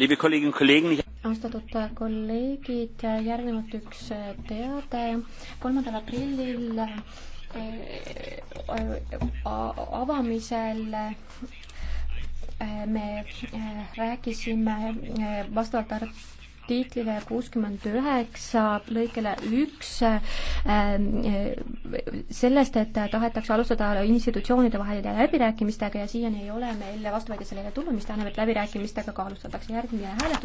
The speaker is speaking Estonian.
austatud kolleegid, järgnevalt üks teade. kolmandal aprillil äh, avamisel äh, me äh, rääkisime vastavalt art-, artiklile kuuskümmend üheksa lõikele üks ähm, äh, sellest, et tahetakse alustada institutsioonide vaheliste läbirääkimistega ja siiani ei ole meil vastuväidet sellele tulnud, mis tähendab, et läbirääkimistega ka alustatakse. järgmine hääletus.